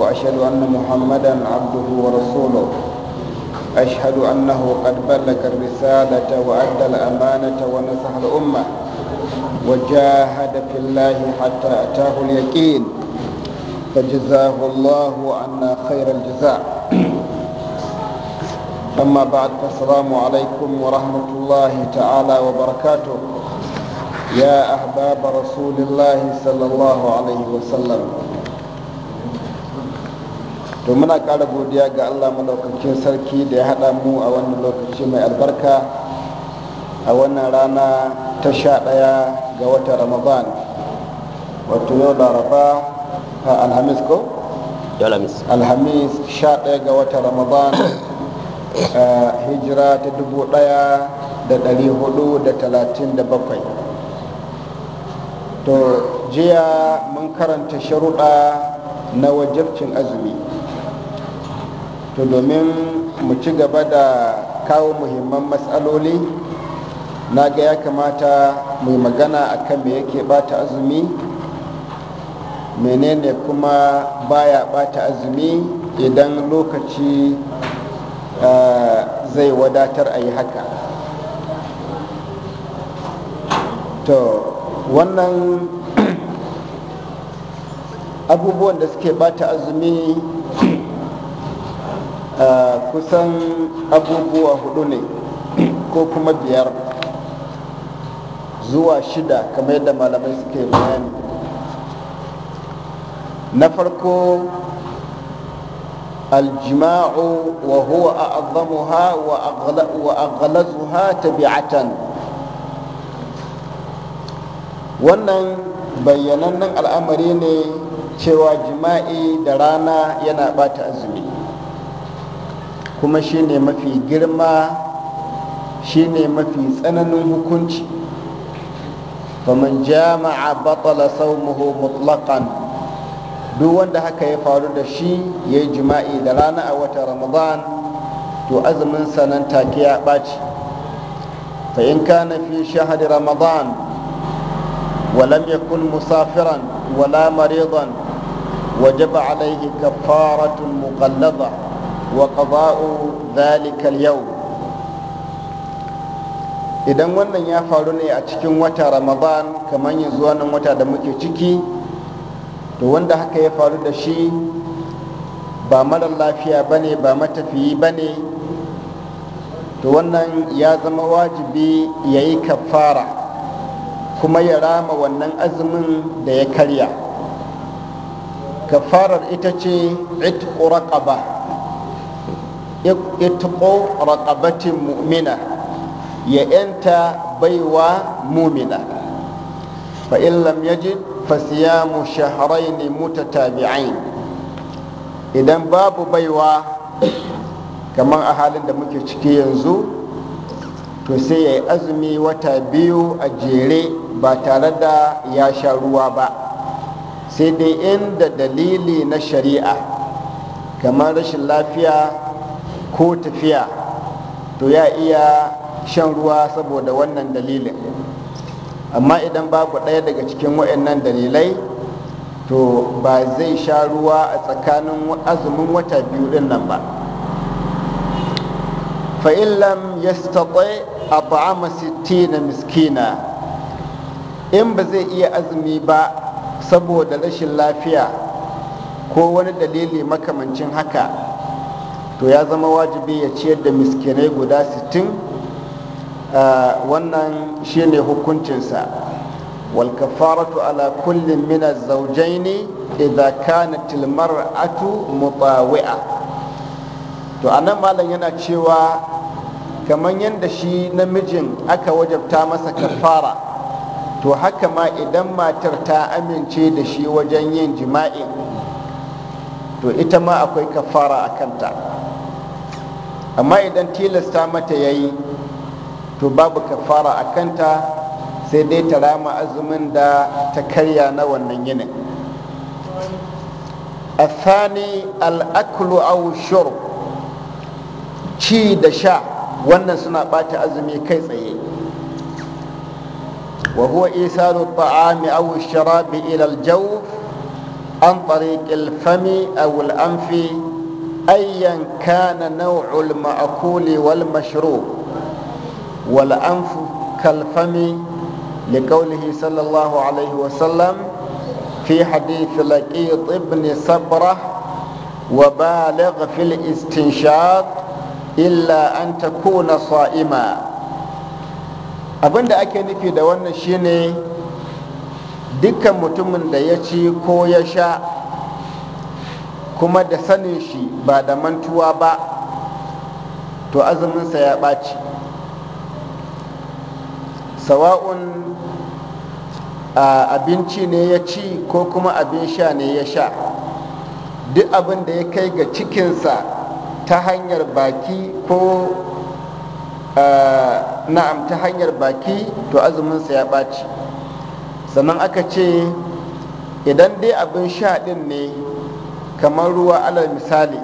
وأشهد أن محمدا عبده ورسوله أشهد أنه قد بلغ الرسالة وأدى الأمانة ونصح الأمة وجاهد في الله حتى أتاه اليقين فجزاه الله عنا خير الجزاء أما بعد فالسلام عليكم ورحمة الله تعالى وبركاته يا أحباب رسول الله صلى الله عليه وسلم to muna ƙara godiya ga allah malaukakin sarki da ya haɗa mu a wannan lokaci mai albarka a wannan rana ta sha ɗaya ga wata ramadan wato yau laraba a alhamis ko? alhamis sha ɗaya ga wata ramadan a hijira ta dubu ɗaya da ɗari hudu da talatin da bakwai to jiya mun karanta sharuɗa na wajabcin azumi to domin mu ci gaba da kawo muhimman matsaloli na ga ya kamata mai magana a kan me yake bata azumi menene kuma baya bata azumi idan lokaci eh, zai wadatar a yi haka to wannan abubuwan da suke bata azumi Ah, kusan abubuwa hudu ne ko kuma biyar zuwa shida kamar yadda malamai suke bayani na farko aljima'u a wa ha وهو أعظمها ta تبعة wannan bayyanannen al'amari ne cewa jima'i da rana yana bata azumi kuma ne mafi girma shine mafi tsananin hukunci faman jama'a batala saumuhu mutlaqan duk wanda haka ya faru da shi ya yi jima'i da rana a watan ramadan to azumin sanan take ya ɓaci fa in kana fi shahri ramadan wa lam yakun musafiran wala maridan wajaba alaihi kafaratun muqallada وقضاء ذلك اليوم idan wannan ya faru ne a cikin wata ramadan kamar yanzu wannan wata da muke ciki to wanda haka ya faru da shi ba mara lafiya ba ne ba matafiyi ba ne to wannan ya zama wajibi ya yi kafara kuma ya rama wannan azumin da ya karya kafarar ita ce it ba itqo raqabatin mu'mina ya yanta baiwa mumina fa in lam yajid fa siyamu shahrayn mutatabi'ain idan babu baiwa kamar a halin da muke ciki yanzu to sai ya yi azumi wata biyu a jere ba tare da ya sha ruwa ba sai dai inda dalili na shari'a kamar rashin lafiya ko tafiya to ya iya shan ruwa saboda wannan dalilin amma idan babu ɗaya daga cikin waɗannan dalilai to ba zai sha ruwa a tsakanin azumin wata biyu din nan ba fa'illam ya staɓai a ba'ama na miskina in ba zai iya azumi ba saboda rashin lafiya ko wani dalili makamancin haka to ya zama wajibi ya ciyar da miskinai guda 60 wannan shine hukuncinsa wal kafaratu ala kullin min az idza kanat al-mar'atu mutawi'a to anan malam yana cewa kamar yadda shi namijin aka wajabta masa kafara to haka ma idan matar ta amince da shi wajen yin jima'i to ita ma akwai kafara a kanta amma idan tilasta mata ya yi to babu kafara a kanta sai dai ta rama azumin da ta karya na wannan yinin A الأكل أو الشرب ci da sha wannan suna ɓata azumi kai tsaye wa huwa isalu ta'ami aw sharabi ila al an tariq al-fami aw al-anfi أيا كان نوع المأكول والمشروب والأنف كالفم لقوله صلى الله عليه وسلم في حديث لقيط ابن صبرة وبالغ في الاستنشاق إلا أن تكون صائما abin da ake nufi da wannan shine dukkan mutumin da ya ci ko ya sha kuma da sanin shi ba da mantuwa ba to azuminsa ya ɓaci sawa'un abinci ne ya ci ko kuma abin sha ne ya sha duk abin da ya kai ga cikinsa ta hanyar baki ko na'am ta hanyar baki to azuminsa ya ɓaci sannan aka ce idan dai abin sha ɗin ne kamar ruwa alal misali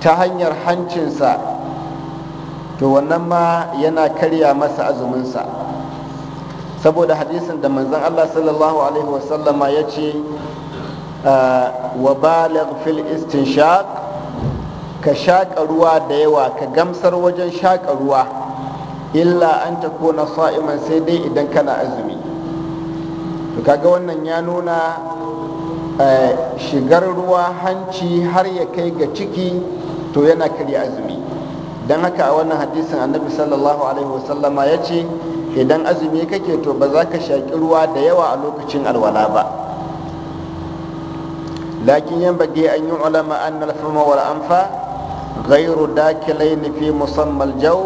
ta hanyar hancinsa to wannan ma yana karya masa azuminsa saboda hadisin da manzon Allah sallallahu alaihi wasallama ya ce ah, wa baligh fil istinshaq ka shaƙa ruwa da yawa ka gamsar wajen shaƙa ruwa illa an ta kona sa'iman sai dai idan kana azumi to kaga wannan ya nuna Eh, shigar ruwa hanci har ya kai ga ciki to yana karya azumi don haka a wannan hadisin annabi sallallahu alaihi wasallama ya ce idan azumi kake to ba za ka shaƙi ruwa da yawa a lokacin alwala ba lakin yan bage an yi ulama an alfama wal anfa dakilai dakilaini fi musammal jaw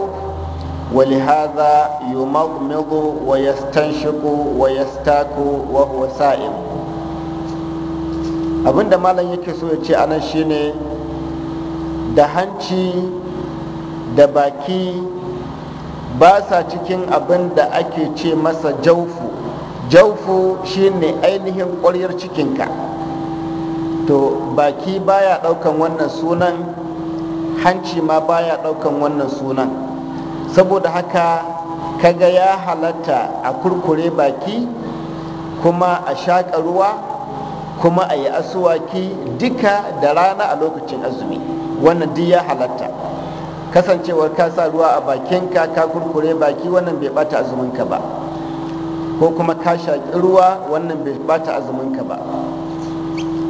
ولهذا يمضمض ويستنشق ويستاك وهو سائم Abin da malam yake so ya ce anan shine da hanci da baki ba sa cikin abin da ake ce masa jaufu jaufu shine ainihin ƙwaryar cikinka to baki baya ɗaukan wannan sunan hanci ma baya ɗaukan wannan sunan saboda haka kaga ya halatta a kurkure baki kuma a shaƙa ruwa kuma a yi asuwaki duka da rana a lokacin azumi wannan duk ya halatta kasancewar ka sa ruwa a bakinka ka kurkure baki wannan bai bata azuminka ba ko kuma ka shaƙi ruwa wannan bai bata azuminka ba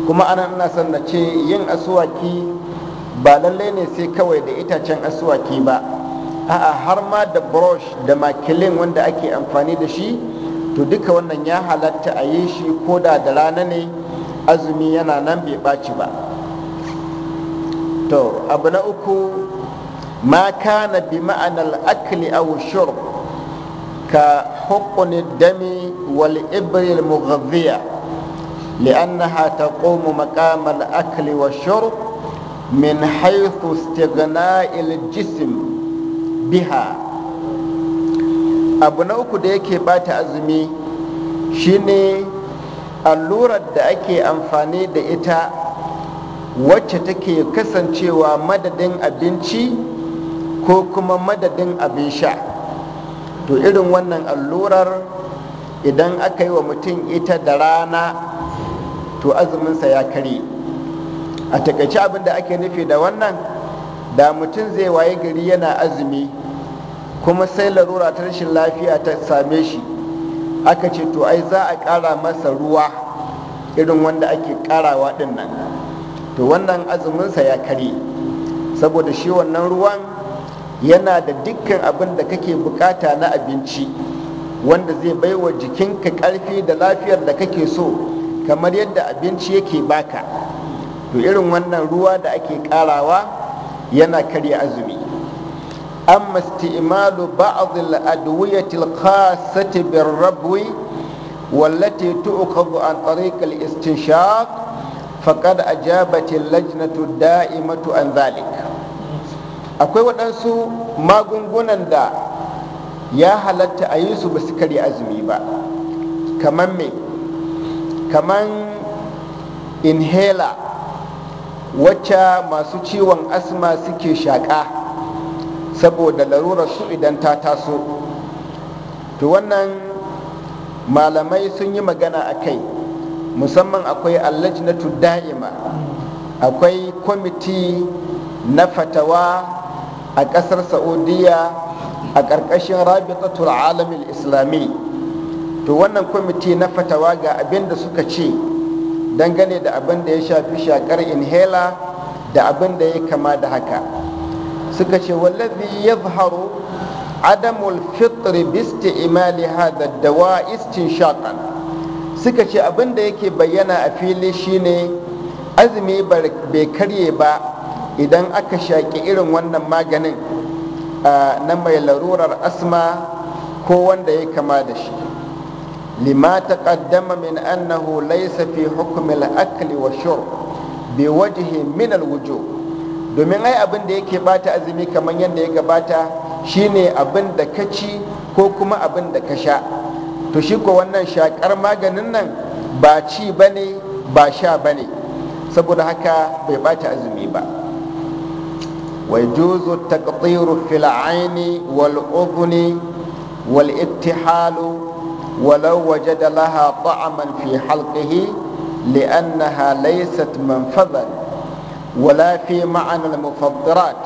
kuma ana ina son na ce yin asuwaki ba lallai ne sai kawai da itacen asuwaki ba a'a har ma da brush da makilin wanda ake amfani da shi to duka wannan ya halatta a yi shi ko da da rana ne azumi yana nan bai ɓaci ba to abu na uku ma kana bi ma'anar akli aw shurb ka hukuni dami wal ibril mughadhiya لأنها تقوم مقام الأكل والشرب من حيث استغناء الجسم بها uku da yake bata azumi shine allurar da ake amfani da ita wacce take kasancewa madadin abinci ko kuma madadin abin sha to irin wannan allurar idan aka yi wa mutum ita da rana to azuminsa ya kare a takaice abin da ake nufi da wannan da mutum zai waye gari yana azumi kuma sai larura ta rashin lafiya ta same shi aka ce to ai za a ƙara masa ruwa irin wanda ake ƙarawa ɗin nan to wannan azuminsa ya kare saboda shi wannan ruwan yana da dukkan abin da kake bukata na abinci wanda zai baiwa jikinka ƙarfi da lafiyar da kake so kamar yadda abinci yake baka to irin wannan ruwa da ake ƙarawa yana karya azumi أما استعمال بعض الأدوية الخاصة بالربو والتي تؤخذ عن طريق الاستنشاق فقد أجابت اللجنة الدائمة عن ذلك akwai waɗansu magungunan da ya halatta a yi su ba karya azumi ba Kaman me kamar inhaler wacce masu ciwon asma suke shaƙa saboda larurar su idan ta taso to wannan malamai sun yi magana a kai musamman akwai allajnatu da'ima akwai kwamiti na fatawa a ƙasar saudiya a ƙarƙashin rabitatul alamin islami to wannan kwamiti na fatawa ga abin da suka ce dangane da abin da ya shafi shakar inhaler da abin da ya kama da haka suka ce wallazi yadhharu adamul fitri bi isti'mali hadha dawa istinshaqan suka ce abinda yake bayyana a fili shine azumi bai karye ba idan aka shaƙi irin wannan maganin na mai larurar asma ko wanda ya kama da shi lima taqaddama min annahu laysa fi hukmi al-akli wa shurb bi min al wujub domin ai abin da yake bata azumi kamar yadda ya gabata shine abin da ka ci ko kuma abin da ka sha to shi ko wannan shakar maganin nan ba ci bane ba sha bane saboda haka bai bata azumi ba wai juzu taqdiru fil aini wal udhni wal ittihalu ولو وجد لها طعما li'an na لأنها ليست منفذا ولا في معنى المفطرات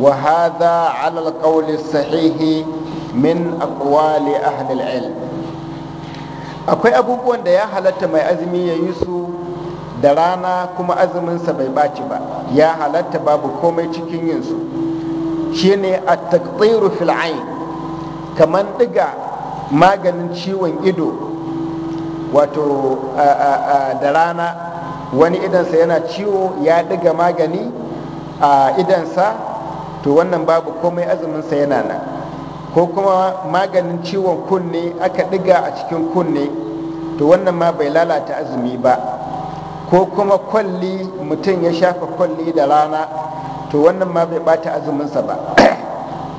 وهذا على القول الصحيح من أقوال أهل akwai abubuwan da ya halatta mai azumi ya yi su da rana kuma azuminsa bai baci ba ya halatta babu komai cikin yin su shine a taktsiru fil'ain kamar ɗiga maganin ciwon ido wato da rana wani idansa yana ciwo ya ɗiga magani a idansa to wannan babu komai azuminsa yana nan ko kuma maganin ciwon kunne aka ɗiga a cikin kunne to wannan ma bai lalata azumi ba ko kuma kwalli mutum ya shafa kwalli da rana to wannan ma bai bata azuminsa ba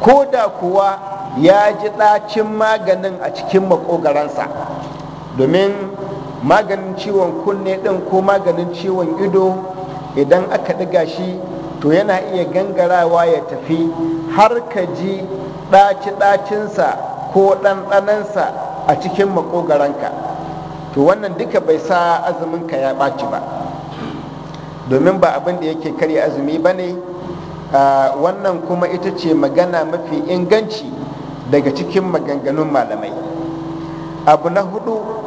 ko da kuwa ya ji ɗacin maganin a cikin makogaransa domin maganin ciwon kunne ɗin ko maganin ciwon ido idan aka ɗiga shi to yana iya gangarawa ya tafi har ka ji ɗaci-ɗacinsa ko ɗanɗanansa a cikin makogaranka to wannan duka bai sa azuminka ya ɓaci ba domin ba abin da yake karya azumi ba ne wannan kuma ita ce magana mafi inganci daga cikin maganganun malamai abu na hudu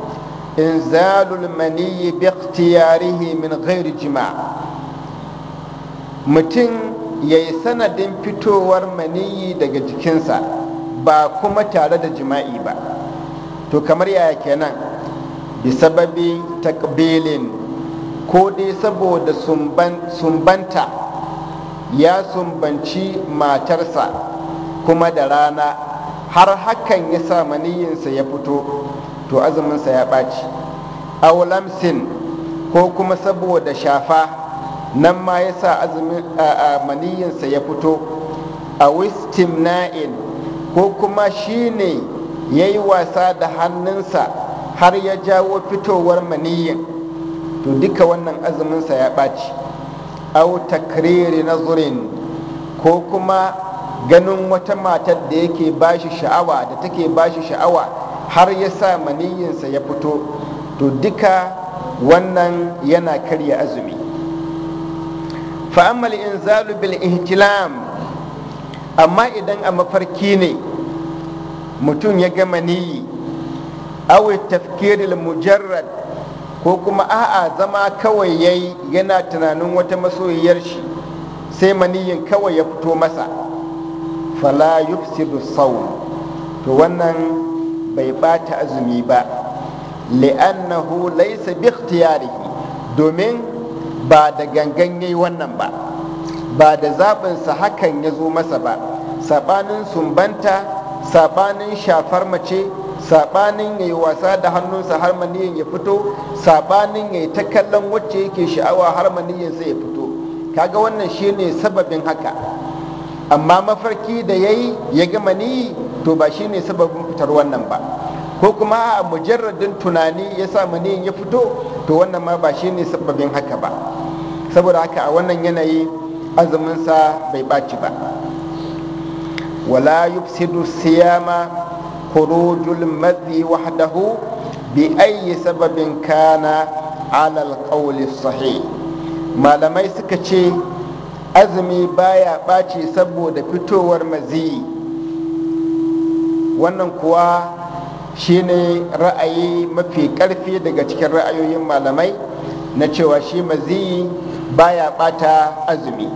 إنزال المني باختياره من غير جماع متين yayi sanadin fitowar maniyi daga jikinsa ba kuma tare da jima'i ba to kamar yaya kenan bi sababi takbilin ko dai saboda sumbanta ya sumbanci matarsa kuma da rana har hakan ya sa maniyinsa ya fito to azuminsa ya ɓaci aw lamsin ko kuma saboda shafa nan ma ya sa maniyinsa ya fito a na'in ko kuma shine ne ya yi wasa da hannunsa har ya jawo fitowar maniyin to duka wannan azuminsa ya ɓaci aw takriri nazurin ko kuma ganin wata matar da yake bashi sha'awa da take bashi sha'awa har ya sa maniyinsa ya fito to duka wannan yana karya azumi fa'ammal inzalu bil ihtilam amma idan a mafarki ne mutum ya gama niyi awi tafkiril mujarrad ko kuma a'a zama kawai yayi yana tunanin wata masoyiyar shi sai maniyin kawai ya fito masa fala yufsidu sawm to wannan bai bata azumi ba li'annahu laysa bi ikhtiyarihi domin ba da gangan yayi wannan ba ba da sa hakan ya zo masa ba saɓanin sumbanta saɓanin shafar mace saɓanin ya wasa da hannunsa har maniyan ya fito saɓanin ya yi ta kallon wacce yake sha'awa har maniyansa ya fito kaga wannan shine sababin haka amma mafarki da ya yi ya gama maniyi to ba shi ne sababin fitar wannan ba ko kuma a mujarradin tunani ya sa maniyin ya fito to wannan ma ba shi ne sababin haka ba saboda haka a wannan yanayi azuminsa bai ɓaci ba wala yufsidu siyama khurujul madhi wahdahu bi ayyi sababin kana ala alqawli sahih malamai suka ce azumi baya ɓaci saboda fitowar maziyi wannan kuwa shine ra'ayi mafi ƙarfi daga cikin ra'ayoyin malamai na cewa shi maziyi baya bata azumi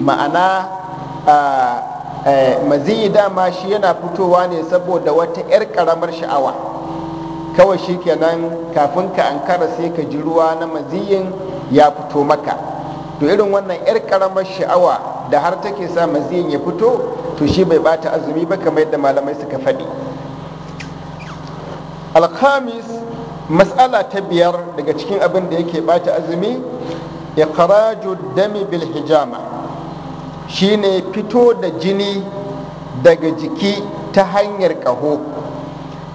ma'ana maziyi dama shi yana fitowa ne saboda wata 'yar karamar sha'awa kawai shi kenan kafin ka ankara sai ka ji ruwa na maziyin ya fito maka to irin wannan yar karamar sha'awa da har take sa maziyin ya fito to shi bai bata azumi ba kamar yadda malamai suka faɗi alkhamis matsala ta biyar daga cikin abin da yake bata azumi iqraju dami bil hijama shine fito da jini daga jiki ta hanyar ƙaho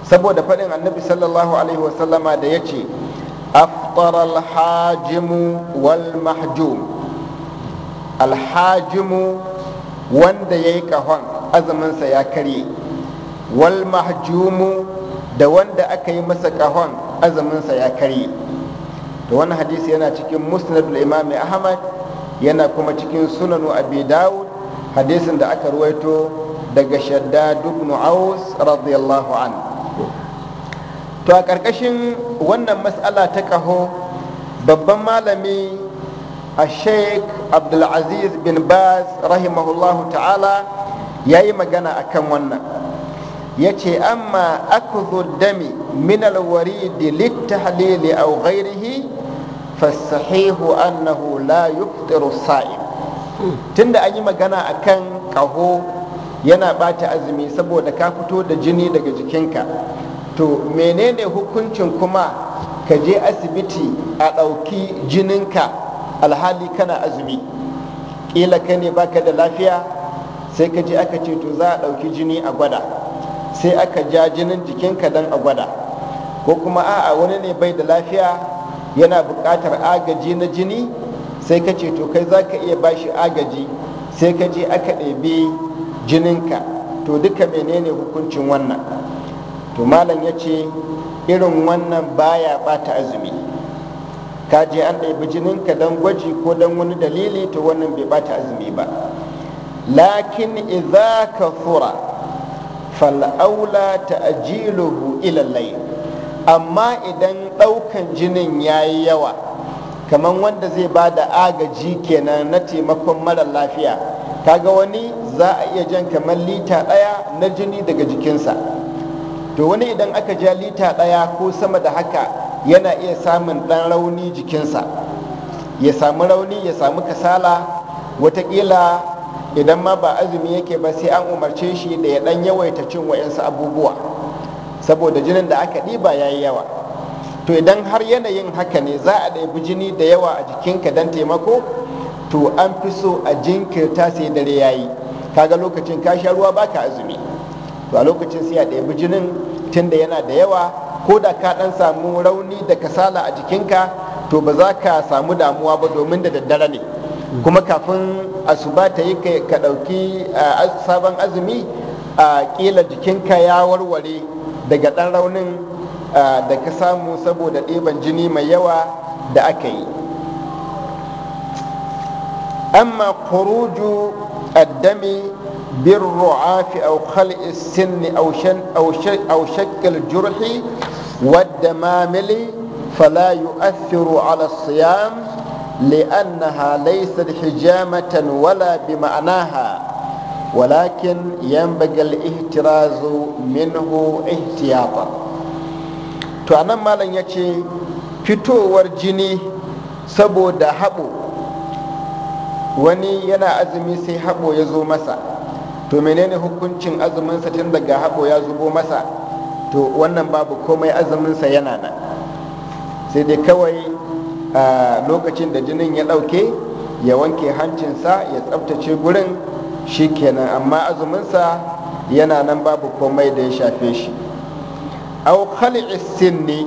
saboda faɗin annabi sallallahu alaihi wasallama da ya ce أفطر الحاجم والمحجوم الحاجم wanda ya yi kahon azuminsa ya karye wal mahjumu da wanda aka yi masa kahon azuminsa ya karye da wannan hadisi yana cikin musnadul imami ahmad yana kuma cikin sunanu abi dawud hadisin da aka ruwaito daga shaddad ibn aus radiyallahu anhu to a ƙarƙashin wannan matsala ta kaho, babban malami a sheik abdulaziz bin baz rahimahullahu ta'ala ya yi magana a kan wannan ya ce amma zo dami min litta littahlili a ghairihi fasahihu annahu la yuftiru sa'im tunda an yi magana a kan kaho yana ta azumi saboda ka fito da jini daga jikinka to menene hukuncin kuma ka je asibiti a ɗauki jinin ka, alhali kana azumi ƙila ka ne baka da lafiya sai ka je aka ce to za a ɗauki jini a gwada sai aka ja jinin jikinka don a gwada ko kuma a'a wani ne bai da lafiya yana buƙatar agaji na jini sai ka ce to kai za ka iya bashi agaji sai ka je aka jinin ka. to duka menene hukuncin wannan to malam ya ce irin wannan baya bata azumi ka je an ɗaibi ka don gwaji ko don wani dalili to wannan bai bata azumi ba lakin idza ka fal'aula ta ila layl amma idan ɗaukan jinin ya yi yawa kamar wanda zai ba da agaji kenan na taimakon mara lafiya kaga wani za a iya jan kamar lita ɗaya na jini daga jikinsa to wani idan aka ja lita daya ko sama da haka yana iya samun dan rauni jikinsa ya samu rauni ya samu kasala watakila idan ma ba azumi yake ba sai an umarce shi da ya dan yawaita cin wa'insu abubuwa saboda jinin da aka ɗiba ya yi yawa to idan har yanayin haka ne za a ɗaibi jini da yawa a jikinka dan taimako to an fi so a jinkirta sai dare ya yi kaga lokacin ka sha ruwa baka azumi to a lokacin sai a ɗebi jinin tunda yana da yawa ko da ka ɗan samu rauni da kasala a jikinka to ba za ka samu damuwa ba domin da daddare ne kuma kafin asuba ta yi ka ɗauki sabon azumi a ƙila jikinka ya warware daga ɗan raunin da ka samu saboda ɗeban jini mai yawa da aka yi amma kuruju addami بالرعاف أو خلع السن أو, شن أو, أو شك الجرح والدمامل فلا يؤثر على الصيام لأنها ليست حجامة ولا بمعناها ولكن ينبغي الاحتراز منه احتياطا تعالى مالا يتي fitowar jini saboda haɓo wani yana azumi sai haɓo ya zo masa to menene hukuncin azuminsa tun daga haɓo ya zubo masa to wannan babu komai azumin sa yana nan sai dai kawai a lokacin da jinin ya ɗauke ya wanke hancinsa ya tsaftace gurin shi kenan. amma azuminsa yana nan babu komai da ya shafe shi au khali'is sinni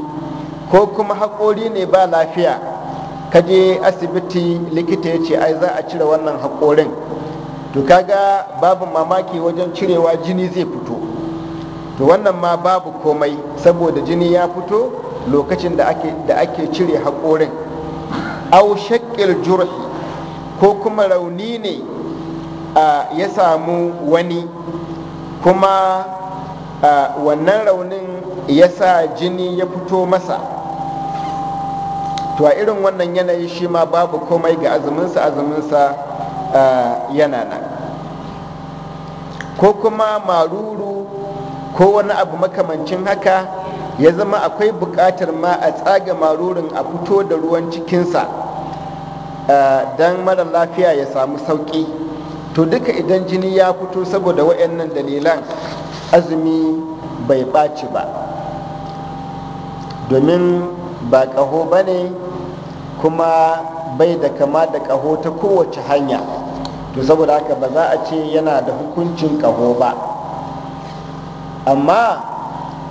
ko kuma hakori ne ba lafiya kaje asibiti likita ya ce ai za a cire wannan hakorin. to kaga babu mamaki wajen cirewa jini zai fito to wannan ma babu komai saboda jini ya fito lokacin da ake cire haƙorin au shakil jurhi ko kuma rauni ne ya samu wani kuma wannan raunin ya sa jini ya fito masa to a irin wannan yanayi shi ma babu komai ga azuminsa azuminsa yana nan ko kuma maruru ko wani abu makamancin haka ya zama akwai buƙatar ma a tsaga marurin a fito da ruwan cikinsa don mara lafiya ya samu sauki to duka idan jini ya fito saboda waɗannan dalilan azumi bai ɓaci ba domin ba ƙaho ba ne kuma bai da kama da ƙaho ta kowace hanya to saboda haka ba za a ce yana da hukuncin kaho ba amma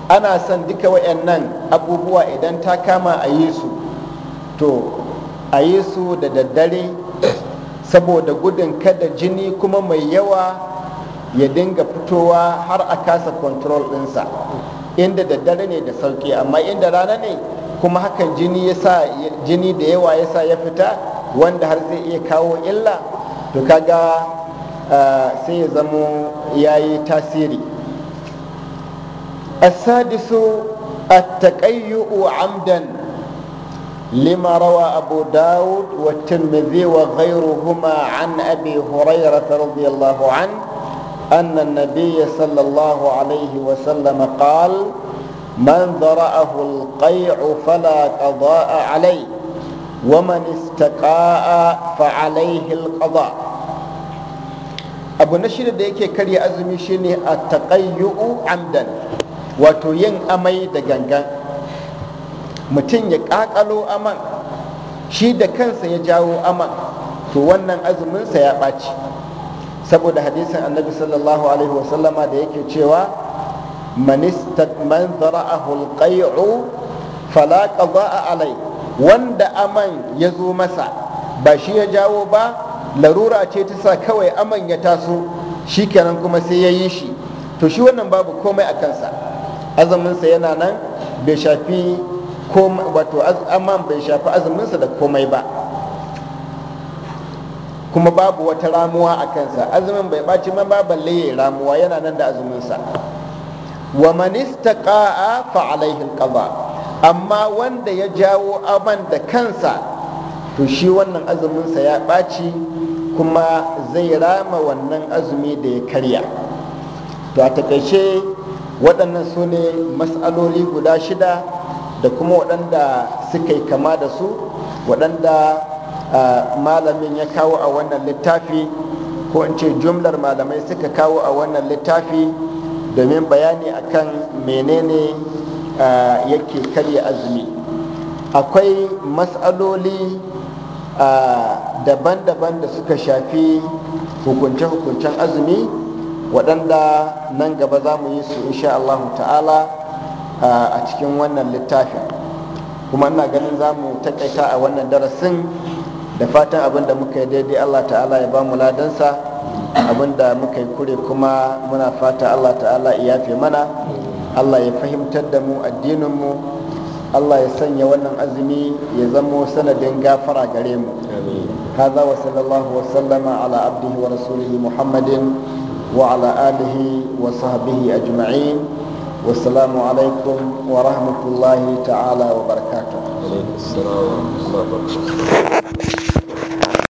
ana son duka nan abubuwa idan ta kama a yi su to a yi su da daddare saboda gudun kada jini kuma mai yawa ya dinga fitowa har a kasa control ɗinsa inda daddare ne da sauki amma inda rana ne kuma hakan jini da yawa ya sa ya fita wanda har zai iya kawo illa to kaga sai ya zamo ya yi tasiri asadisu a taƙayyu amdan lima rawa abu daud wa tirmidhi wa ghayruhuma an abi hurairata radiyallahu an أن النبي صلى الله عليه وسلم قال من ذرأه القيع فلا قضاء عليه ومن استقاء فعليه القضاء abu na shida da yake karya azumi shine at-taqayyu amdan wato yin amai da gangan mutum ya kakalo aman shi da kansa ya jawo aman to wannan azuminsa ya ɓaci saboda hadisin annabi sallallahu alaihi wasallama da yake cewa man zara'ahu alqay'u fala qada'a alai wanda aman ya zo masa ba shi ya jawo ba larura ce ta sa kawai aman ya taso shi kenan kuma sai ya yi shi to shi wannan babu komai a kansa azuminsa yana nan bai shafi wato aman bai shafi azuminsa da komai ba kuma babu wata ramuwa a kansa azumin bai ɓaci ma balle ya ramuwa yana nan da azuminsa wa manista ƙa'a fa alaihi amma wanda ya jawo aman da kansa to shi wannan azuminsa ya ɓaci kuma zai rama wannan azumi da ya karya to a takaice waɗannan su ne matsaloli guda shida da kuma waɗanda suka yi kama da su waɗanda malamin ya kawo a wannan littafi ko in ce jumlar malamai suka kawo a wannan littafi domin bayani akan menene yake karya azumi akwai matsaloli daban-daban da suka shafi hukunce-hukuncen azumi waɗanda nan gaba za mu yi su insha Allah ta'ala a cikin wannan littafin kuma ina ganin za mu taƙaita a wannan darasin da fatan abin da muka yi daidai Allah ta'ala ya ba mu ladansa abin da muka yi kure kuma muna fata Allah ta'ala ya yafe mana Allah ya fahimtar da mu addininmu Allah ya sanya wannan azumi ya zamo sanadin gafara gare mu haza wa sallallahu wa sallama ala abdihi wa rasulihi muhammadin wa ala alihi wa sahbihi ajma'in والسلام عليكم ورحمه الله تعالى وبركاته